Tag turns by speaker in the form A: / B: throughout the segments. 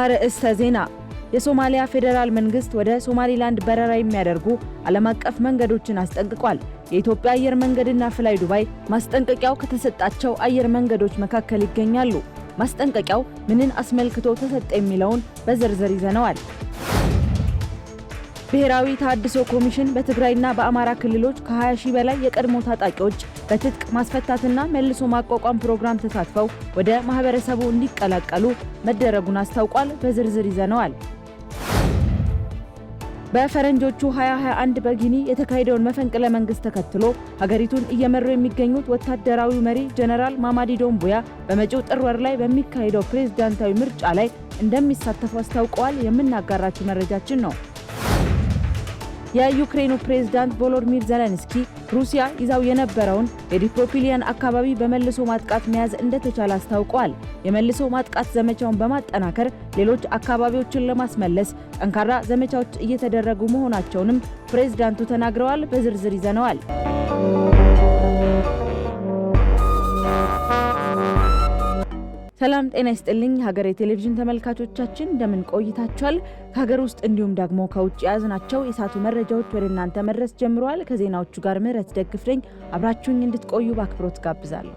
A: አርዕስተ ዜና የሶማሊያ ፌዴራል መንግስት ወደ ሶማሊላንድ በረራ የሚያደርጉ ዓለም አቀፍ መንገዶችን አስጠንቅቋል። የኢትዮጵያ አየር መንገድና ፍላይ ዱባይ ማስጠንቀቂያው ከተሰጣቸው አየር መንገዶች መካከል ይገኛሉ። ማስጠንቀቂያው ምንን አስመልክቶ ተሰጠ የሚለውን በዝርዝር ይዘነዋል። ብሔራዊ ተሃድሶ ኮሚሽን በትግራይና በአማራ ክልሎች ከ20 ሺህ በላይ የቀድሞ ታጣቂዎች በትጥቅ ማስፈታትና መልሶ ማቋቋም ፕሮግራም ተሳትፈው ወደ ማህበረሰቡ እንዲቀላቀሉ መደረጉን አስታውቋል። በዝርዝር ይዘነዋል። በፈረንጆቹ 2021 በጊኒ የተካሄደውን መፈንቅለ መንግስት ተከትሎ ሀገሪቱን እየመሩ የሚገኙት ወታደራዊ መሪ ጀነራል ማማዲ ዶንቡያ በመጪው ጥር ወር ላይ በሚካሄደው ፕሬዝዳንታዊ ምርጫ ላይ እንደሚሳተፉ አስታውቀዋል። የምናጋራችሁ መረጃችን ነው። የዩክሬኑ ፕሬዝዳንት ቮሎዲሚር ዘለንስኪ ሩሲያ ይዛው የነበረውን የዲፕሮፒሊያን አካባቢ በመልሶ ማጥቃት መያዝ እንደተቻለ አስታውቀዋል። የመልሶ ማጥቃት ዘመቻውን በማጠናከር ሌሎች አካባቢዎችን ለማስመለስ ጠንካራ ዘመቻዎች እየተደረጉ መሆናቸውንም ፕሬዝዳንቱ ተናግረዋል። በዝርዝር ይዘነዋል። ሰላም ጤና ይስጥልኝ ሀገሬ ቴሌቪዥን ተመልካቾቻችን እንደምን ቆይታችኋል? ከሀገር ውስጥ እንዲሁም ደግሞ ከውጭ የያዝናቸው የሳቱ መረጃዎች ወደ እናንተ መድረስ ጀምረዋል። ከዜናዎቹ ጋር ምህረት ደግፍ ነኝ። አብራችሁኝ እንድትቆዩ በአክብሮት ጋብዛለሁ።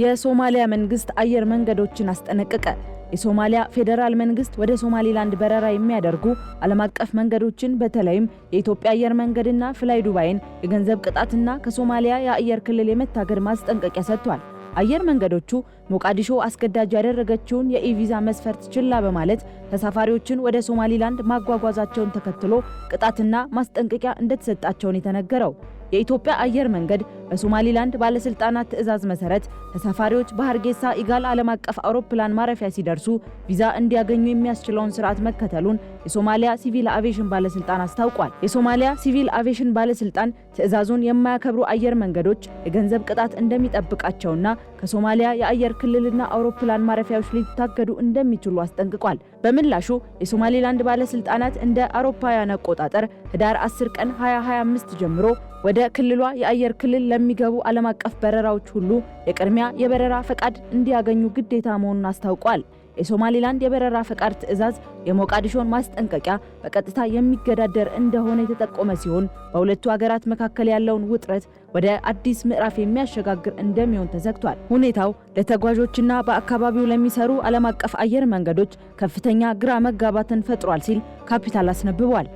A: የሶማሊያ መንግስት አየር መንገዶችን አስጠነቀቀ። የሶማሊያ ፌዴራል መንግስት ወደ ሶማሊላንድ በረራ የሚያደርጉ ዓለም አቀፍ መንገዶችን በተለይም የኢትዮጵያ አየር መንገድና ፍላይ ዱባይን የገንዘብ ቅጣትና ከሶማሊያ የአየር ክልል የመታገድ ማስጠንቀቂያ ሰጥቷል። አየር መንገዶቹ ሞቃዲሾ አስገዳጅ ያደረገችውን የኢቪዛ መስፈርት ችላ በማለት ተሳፋሪዎችን ወደ ሶማሊላንድ ማጓጓዛቸውን ተከትሎ ቅጣትና ማስጠንቀቂያ እንደተሰጣቸውን የተነገረው የኢትዮጵያ አየር መንገድ በሶማሊላንድ ባለስልጣናት ትዕዛዝ መሰረት ተሳፋሪዎች በሀርጌሳ ኢጋል ዓለም አቀፍ አውሮፕላን ማረፊያ ሲደርሱ ቪዛ እንዲያገኙ የሚያስችለውን ስርዓት መከተሉን የሶማሊያ ሲቪል አቪሽን ባለስልጣን አስታውቋል። የሶማሊያ ሲቪል አቪሽን ባለስልጣን ትዕዛዙን የማያከብሩ አየር መንገዶች የገንዘብ ቅጣት እንደሚጠብቃቸውና ከሶማሊያ የአየር ክልልና አውሮፕላን ማረፊያዎች ሊታገዱ እንደሚችሉ አስጠንቅቋል። በምላሹ የሶማሌላንድ ባለስልጣናት እንደ አውሮፓውያን አቆጣጠር ህዳር 10 ቀን 2025 ጀምሮ ወደ ክልሏ የአየር ክልል ለሚገቡ ዓለም አቀፍ በረራዎች ሁሉ የቅድሚያ የበረራ ፈቃድ እንዲያገኙ ግዴታ መሆኑን አስታውቋል። የሶማሌላንድ የበረራ ፈቃድ ትዕዛዝ የሞቃዲሾን ማስጠንቀቂያ በቀጥታ የሚገዳደር እንደሆነ የተጠቆመ ሲሆን በሁለቱ ሀገራት መካከል ያለውን ውጥረት ወደ አዲስ ምዕራፍ የሚያሸጋግር እንደሚሆን ተዘግቷል። ሁኔታው ለተጓዦችና በአካባቢው ለሚሰሩ ዓለም አቀፍ አየር መንገዶች ከፍተኛ ግራ መጋባትን ፈጥሯል ሲል ካፒታል አስነብቧል።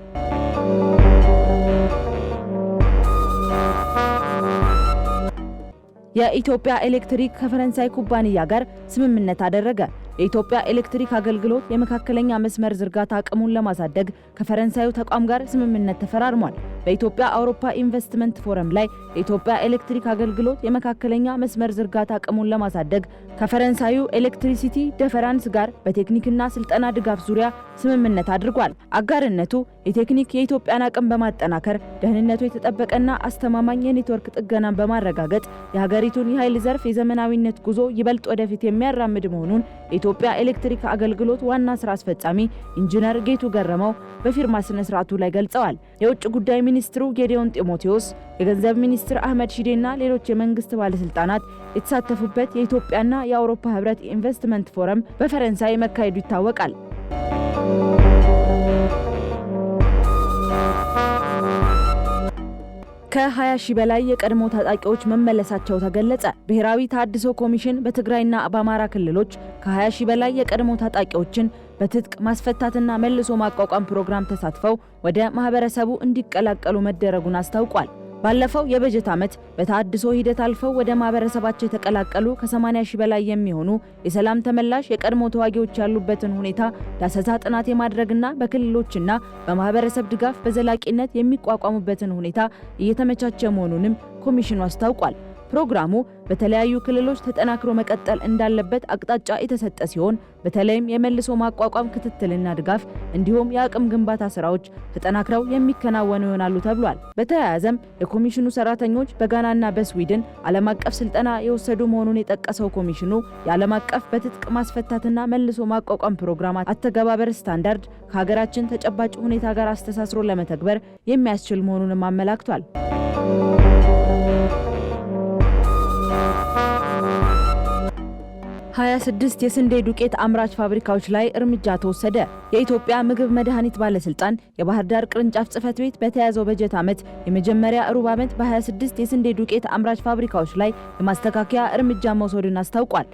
A: የኢትዮጵያ ኤሌክትሪክ ከፈረንሳይ ኩባንያ ጋር ስምምነት አደረገ። የኢትዮጵያ ኤሌክትሪክ አገልግሎት የመካከለኛ መስመር ዝርጋታ አቅሙን ለማሳደግ ከፈረንሳዩ ተቋም ጋር ስምምነት ተፈራርሟል። በኢትዮጵያ አውሮፓ ኢንቨስትመንት ፎረም ላይ የኢትዮጵያ ኤሌክትሪክ አገልግሎት የመካከለኛ መስመር ዝርጋታ አቅሙን ለማሳደግ ከፈረንሳዩ ኤሌክትሪሲቲ ደፈራንስ ጋር በቴክኒክና ስልጠና ድጋፍ ዙሪያ ስምምነት አድርጓል። አጋርነቱ የቴክኒክ የኢትዮጵያን አቅም በማጠናከር ደህንነቱ የተጠበቀና አስተማማኝ የኔትወርክ ጥገናን በማረጋገጥ የሀገሪቱን የኃይል ዘርፍ የዘመናዊነት ጉዞ ይበልጥ ወደፊት የሚያራምድ መሆኑን የኢትዮጵያ ኤሌክትሪክ አገልግሎት ዋና ስራ አስፈጻሚ ኢንጂነር ጌቱ ገረመው በፊርማ ስነ ስርዓቱ ላይ ገልጸዋል። የውጭ ጉዳይ ሚኒስትሩ ጌዲዮን ጢሞቴዎስ፣ የገንዘብ ሚኒስትር አህመድ ሺዴና ሌሎች የመንግስት ባለስልጣናት የተሳተፉበት የኢትዮጵያና የአውሮፓ ህብረት ኢንቨስትመንት ፎረም በፈረንሳይ መካሄዱ ይታወቃል። ከ20 ሺህ በላይ የቀድሞ ታጣቂዎች መመለሳቸው ተገለጸ። ብሔራዊ ተሃድሶ ኮሚሽን በትግራይና በአማራ ክልሎች ከ20 ሺህ በላይ የቀድሞ ታጣቂዎችን በትጥቅ ማስፈታትና መልሶ ማቋቋም ፕሮግራም ተሳትፈው ወደ ማህበረሰቡ እንዲቀላቀሉ መደረጉን አስታውቋል። ባለፈው የበጀት ዓመት በታድሶ ሂደት አልፈው ወደ ማህበረሰባቸው የተቀላቀሉ ከ80 ሺህ በላይ የሚሆኑ የሰላም ተመላሽ የቀድሞ ተዋጊዎች ያሉበትን ሁኔታ ዳሰሳ ጥናት የማድረግና በክልሎችና በማህበረሰብ ድጋፍ በዘላቂነት የሚቋቋሙበትን ሁኔታ እየተመቻቸ መሆኑንም ኮሚሽኑ አስታውቋል። ፕሮግራሙ በተለያዩ ክልሎች ተጠናክሮ መቀጠል እንዳለበት አቅጣጫ የተሰጠ ሲሆን በተለይም የመልሶ ማቋቋም ክትትልና ድጋፍ እንዲሁም የአቅም ግንባታ ስራዎች ተጠናክረው የሚከናወኑ ይሆናሉ ተብሏል። በተያያዘም የኮሚሽኑ ሰራተኞች በጋናና በስዊድን ዓለም አቀፍ ስልጠና የወሰዱ መሆኑን የጠቀሰው ኮሚሽኑ የዓለም አቀፍ በትጥቅ ማስፈታትና መልሶ ማቋቋም ፕሮግራም አተገባበር ስታንዳርድ ከሀገራችን ተጨባጭ ሁኔታ ጋር አስተሳስሮ ለመተግበር የሚያስችል መሆኑንም አመላክቷል። 26 የስንዴ ዱቄት አምራች ፋብሪካዎች ላይ እርምጃ ተወሰደ። የኢትዮጵያ ምግብ መድኃኒት ባለስልጣን የባህር ዳር ቅርንጫፍ ጽህፈት ቤት በተያዘው በጀት ዓመት የመጀመሪያ ሩብ ዓመት በ26 የስንዴ ዱቄት አምራች ፋብሪካዎች ላይ የማስተካከያ እርምጃ መውሰዱን አስታውቋል።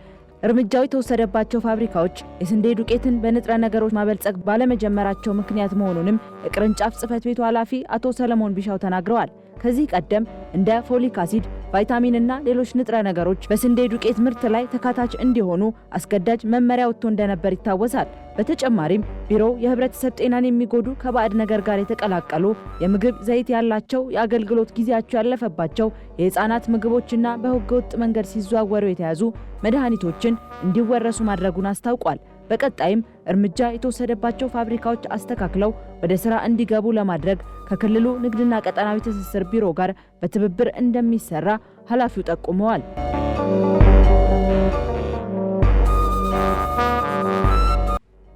A: እርምጃው የተወሰደባቸው ፋብሪካዎች የስንዴ ዱቄትን በንጥረ ነገሮች ማበልጸግ ባለመጀመራቸው ምክንያት መሆኑንም የቅርንጫፍ ጽህፈት ቤቱ ኃላፊ አቶ ሰለሞን ቢሻው ተናግረዋል። ከዚህ ቀደም እንደ ፎሊክ አሲድ ቫይታሚን እና ሌሎች ንጥረ ነገሮች በስንዴ ዱቄት ምርት ላይ ተካታች እንዲሆኑ አስገዳጅ መመሪያ ወጥቶ እንደነበር ይታወሳል። በተጨማሪም ቢሮው የህብረተሰብ ጤናን የሚጎዱ ከባዕድ ነገር ጋር የተቀላቀሉ የምግብ ዘይት ያላቸው የአገልግሎት ጊዜያቸው ያለፈባቸው የህፃናት ምግቦችና በህገወጥ መንገድ ሲዘዋወሩ የተያዙ መድኃኒቶችን እንዲወረሱ ማድረጉን አስታውቋል። በቀጣይም እርምጃ የተወሰደባቸው ፋብሪካዎች አስተካክለው ወደ ስራ እንዲገቡ ለማድረግ ከክልሉ ንግድና ቀጠናዊ ትስስር ቢሮ ጋር በትብብር እንደሚሰራ ኃላፊው ጠቁመዋል።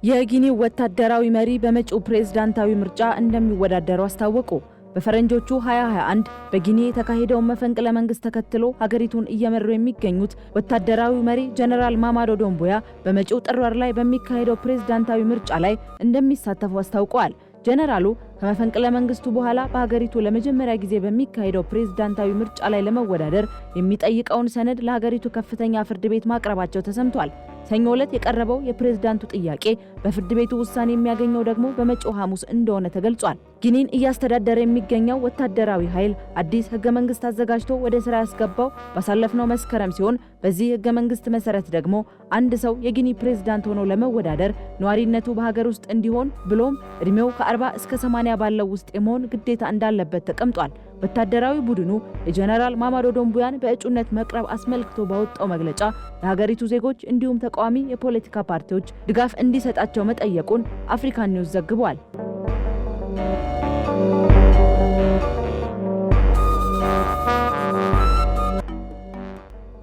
A: የጊኒው ወታደራዊ መሪ በመጪው ፕሬዝዳንታዊ ምርጫ እንደሚወዳደሩ አስታወቁ። በፈረንጆቹ 2021 በጊኒ የተካሄደውን መፈንቅለ መንግስት ተከትሎ ሀገሪቱን እየመሩ የሚገኙት ወታደራዊ መሪ ጀነራል ማማዶ ዶንቦያ በመጪው ጥር ወር ላይ በሚካሄደው ፕሬዝዳንታዊ ምርጫ ላይ እንደሚሳተፉ አስታውቀዋል። ጀነራሉ ከመፈንቅለ መንግስቱ በኋላ በሀገሪቱ ለመጀመሪያ ጊዜ በሚካሄደው ፕሬዝዳንታዊ ምርጫ ላይ ለመወዳደር የሚጠይቀውን ሰነድ ለሀገሪቱ ከፍተኛ ፍርድ ቤት ማቅረባቸው ተሰምቷል። ሰኞ ዕለት የቀረበው የፕሬዝዳንቱ ጥያቄ በፍርድ ቤቱ ውሳኔ የሚያገኘው ደግሞ በመጪው ሐሙስ እንደሆነ ተገልጿል። ጊኒን እያስተዳደረ የሚገኘው ወታደራዊ ኃይል አዲስ ህገ መንግስት አዘጋጅቶ ወደ ስራ ያስገባው ባሳለፍነው መስከረም ሲሆን በዚህ ህገ መንግስት መሰረት ደግሞ አንድ ሰው የጊኒ ፕሬዝዳንት ሆኖ ለመወዳደር ነዋሪነቱ በሀገር ውስጥ እንዲሆን ብሎም ዕድሜው ከ40 እስከ 80 ሶማሊያ ባለው ውስጥ የመሆን ግዴታ እንዳለበት ተቀምጧል። ወታደራዊ ቡድኑ የጀነራል ማማዶ ዶምቡያን በእጩነት መቅረብ አስመልክቶ ባወጣው መግለጫ የሀገሪቱ ዜጎች እንዲሁም ተቃዋሚ የፖለቲካ ፓርቲዎች ድጋፍ እንዲሰጣቸው መጠየቁን አፍሪካን ኒውስ ዘግቧል።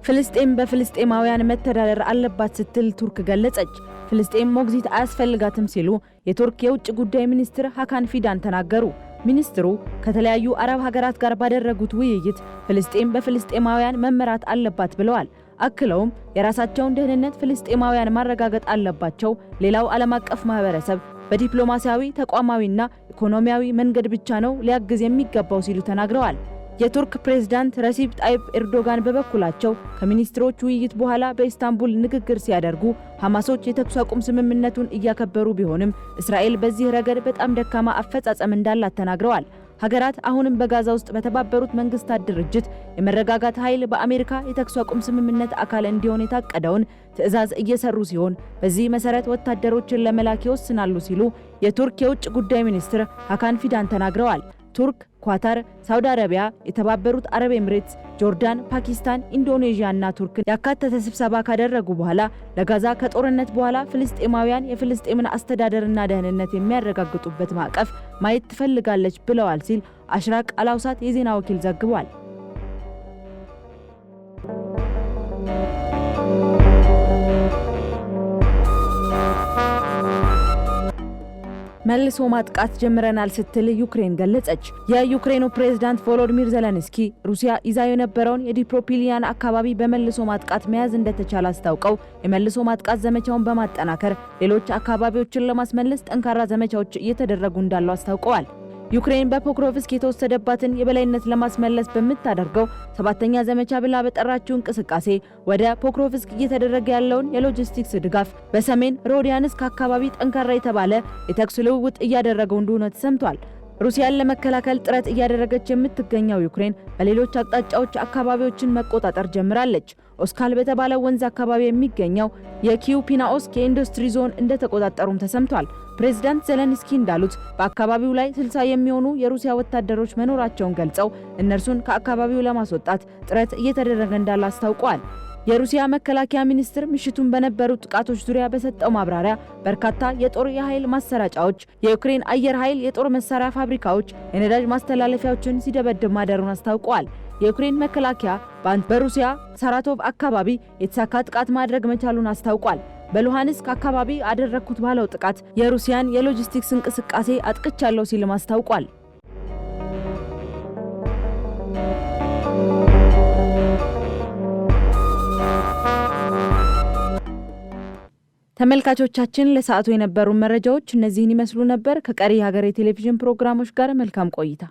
A: ፍልስጤም በፍልስጤማውያን መተዳደር አለባት ስትል ቱርክ ገለጸች። ፍልስጤም ሞግዚት አያስፈልጋትም ሲሉ የቱርክ የውጭ ጉዳይ ሚኒስትር ሀካን ፊዳን ተናገሩ። ሚኒስትሩ ከተለያዩ አረብ ሀገራት ጋር ባደረጉት ውይይት ፍልስጤም በፍልስጤማውያን መመራት አለባት ብለዋል። አክለውም የራሳቸውን ደህንነት ፍልስጤማውያን ማረጋገጥ አለባቸው፣ ሌላው ዓለም አቀፍ ማህበረሰብ በዲፕሎማሲያዊ ተቋማዊና ኢኮኖሚያዊ መንገድ ብቻ ነው ሊያግዝ የሚገባው ሲሉ ተናግረዋል። የቱርክ ፕሬዝዳንት ረሲፕ ጣይብ ኤርዶጋን በበኩላቸው ከሚኒስትሮች ውይይት በኋላ በኢስታንቡል ንግግር ሲያደርጉ ሐማሶች የተኩስ አቁም ስምምነቱን እያከበሩ ቢሆንም እስራኤል በዚህ ረገድ በጣም ደካማ አፈጻጸም እንዳላት ተናግረዋል። ሀገራት አሁንም በጋዛ ውስጥ በተባበሩት መንግስታት ድርጅት የመረጋጋት ኃይል በአሜሪካ የተኩስ አቁም ስምምነት አካል እንዲሆን የታቀደውን ትዕዛዝ እየሰሩ ሲሆን በዚህ መሰረት ወታደሮችን ለመላክ ይወስናሉ ሲሉ የቱርክ የውጭ ጉዳይ ሚኒስትር ሀካን ፊዳን ተናግረዋል። ቱርክ ኳታር፣ ሳውዲ አረቢያ፣ የተባበሩት አረብ ኤምሬትስ፣ ጆርዳን፣ ፓኪስታን፣ ኢንዶኔዥያ እና ቱርክን ያካተተ ስብሰባ ካደረጉ በኋላ ለጋዛ ከጦርነት በኋላ ፍልስጤማውያን የፍልስጤምን አስተዳደርና ደህንነት የሚያረጋግጡበት ማዕቀፍ ማየት ትፈልጋለች ብለዋል ሲል አሽራቅ አላውሳት የዜና ወኪል ዘግቧል። መልሶ ማጥቃት ጀምረናል ስትል ዩክሬን ገለጸች። የዩክሬኑ ፕሬዝዳንት ቮሎዲሚር ዘለንስኪ ሩሲያ ይዛ የነበረውን የዲፕሮፒሊያን አካባቢ በመልሶ ማጥቃት መያዝ እንደተቻለ አስታውቀው የመልሶ ማጥቃት ዘመቻውን በማጠናከር ሌሎች አካባቢዎችን ለማስመለስ ጠንካራ ዘመቻዎች እየተደረጉ እንዳሉ አስታውቀዋል። ዩክሬን በፖክሮቭስክ የተወሰደባትን የበላይነት ለማስመለስ በምታደርገው ሰባተኛ ዘመቻ ብላ በጠራችው እንቅስቃሴ ወደ ፖክሮቭስክ እየተደረገ ያለውን የሎጂስቲክስ ድጋፍ በሰሜን ሮዲያንስክ አካባቢ ጠንካራ የተባለ የተኩስ ልውውጥ እያደረገው እንደሆነ ተሰምቷል። ሩሲያን ለመከላከል ጥረት እያደረገች የምትገኘው ዩክሬን በሌሎች አቅጣጫዎች አካባቢዎችን መቆጣጠር ጀምራለች። ኦስካል በተባለ ወንዝ አካባቢ የሚገኘው የኪዩፒናኦስክ የኢንዱስትሪ ዞን እንደተቆጣጠሩም ተሰምቷል። ፕሬዝዳንት ዘለንስኪ እንዳሉት በአካባቢው ላይ ስልሳ የሚሆኑ የሩሲያ ወታደሮች መኖራቸውን ገልጸው እነርሱን ከአካባቢው ለማስወጣት ጥረት እየተደረገ እንዳለ አስታውቀዋል። የሩሲያ መከላከያ ሚኒስትር ምሽቱን በነበሩ ጥቃቶች ዙሪያ በሰጠው ማብራሪያ በርካታ የጦር የኃይል ማሰራጫዎች፣ የዩክሬን አየር ኃይል የጦር መሳሪያ ፋብሪካዎች፣ የነዳጅ ማስተላለፊያዎችን ሲደበድብ ማደሩን አስታውቀዋል። የዩክሬን መከላከያ በሩሲያ ሳራቶቭ አካባቢ የተሳካ ጥቃት ማድረግ መቻሉን አስታውቋል። በሉሃንስክ አካባቢ አደረግኩት ባለው ጥቃት የሩሲያን የሎጂስቲክስ እንቅስቃሴ አጥቅቻለሁ ሲልም አስታውቋል። ተመልካቾቻችን ለሰዓቱ የነበሩ መረጃዎች እነዚህን ይመስሉ ነበር። ከቀሪ የሀገሬ ቴሌቪዥን ፕሮግራሞች ጋር መልካም ቆይታ